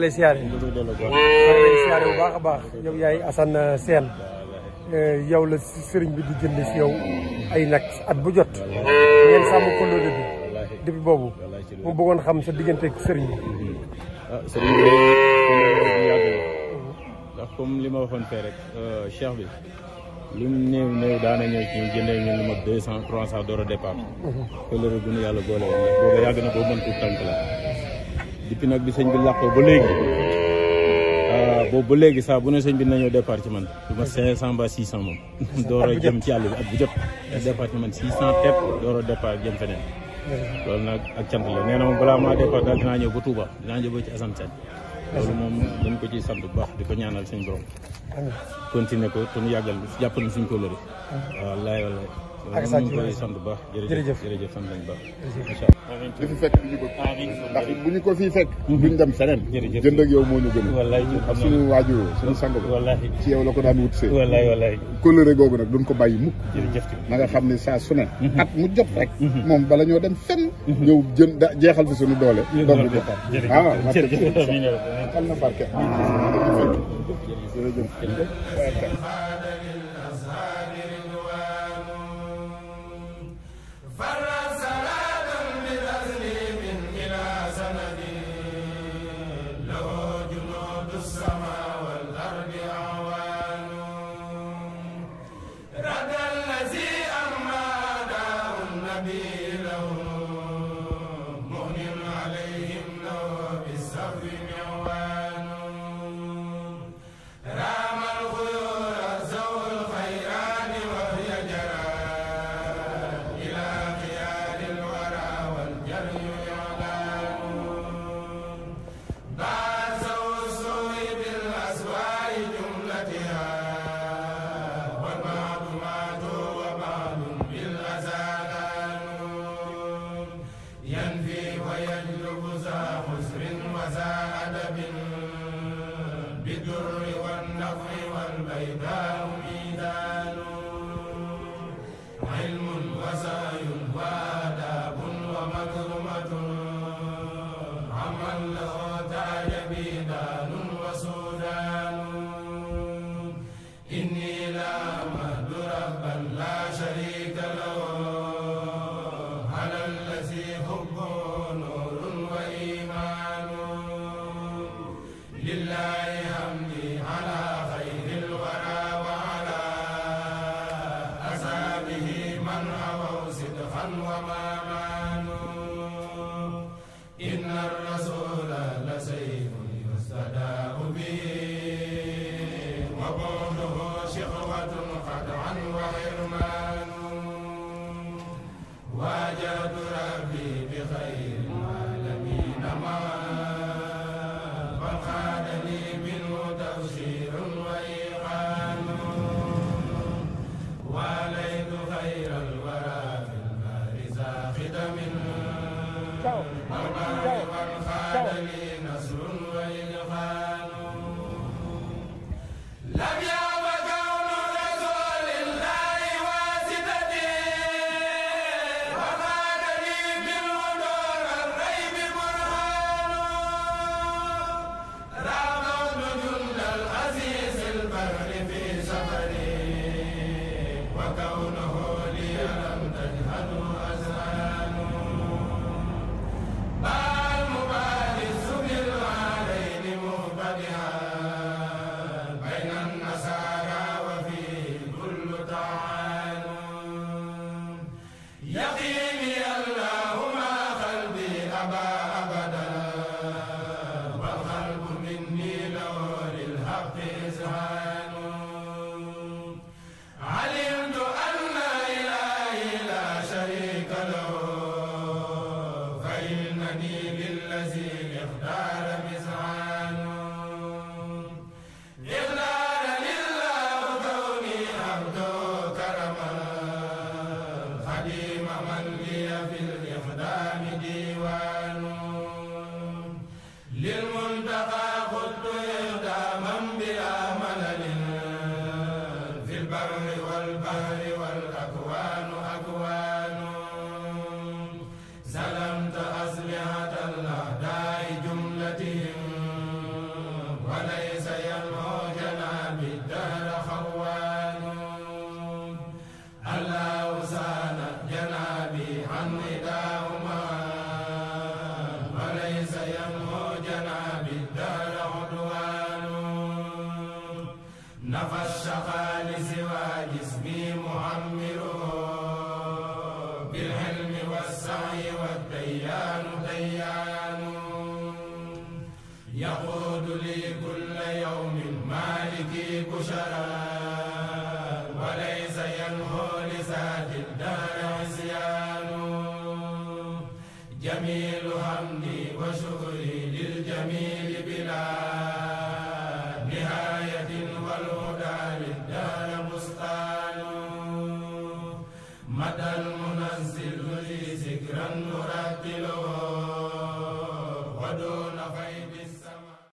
ngi lay siyaare siyaare bu baax a baax yow yaay Assane euh, Sène euh, yow la sëriñ bi di jënd si nag at bu jot ngeen sàmm kóllëre bi depuis mu bëggoon xam sa diggante ak sëriñ bi ah, sëriñ bi li ma waxoon fee rek euh, cheikh bi lu mu néew daana ñëw ci ñu jëndee ñu lu ma deux cent trois cent d'euros départ mhm. kóllëre bu nu yàlla boole yàgg na boo mën tuut tànk la depuis nak di seigne bi laqo ba legui ah bo ba legui sa bu ne seigne bi naño départ ci man duma 500 ba 600 mom doora jëm ci Allah ak bu jëp départ ci man 600 tép doora départ jëm fenen lol nak ak tiant la neena mo bala ma départ dal dina ñew ba touba dina ñew ci assane tiant loolu moom dañ ko ciy sant bu baax di ko ñaanal suñu borom. continuer ko te ñu yàggal jàppale suñu kóolóore. waaw laay wala. ak saa ci koy sant bu baax jërëjëf jërëjëf sant nañu baax. incha allah di fi fekk li ñu bëgg. ko fii fekk. duñ dem feneen. jërëjëf jënd ak yow moo ñu gën. wallaay ak suñu waajur suñu sang ba. ci yow la ko daan wut kóllëre googu nag duñ ko bàyyi mukk. jërëjëf na nga xam ne saa su ne. Mm-hmm. at mu jot rek. Mm-hmm. moom bala ñoo dem fenn ñëw mm-hmm. jën da jeexal fi suñu doole. doole bi jërëjëf ah na barke. بالدر والنفع والبيدان وعبوده شقوة قطعا وحرمان Yep.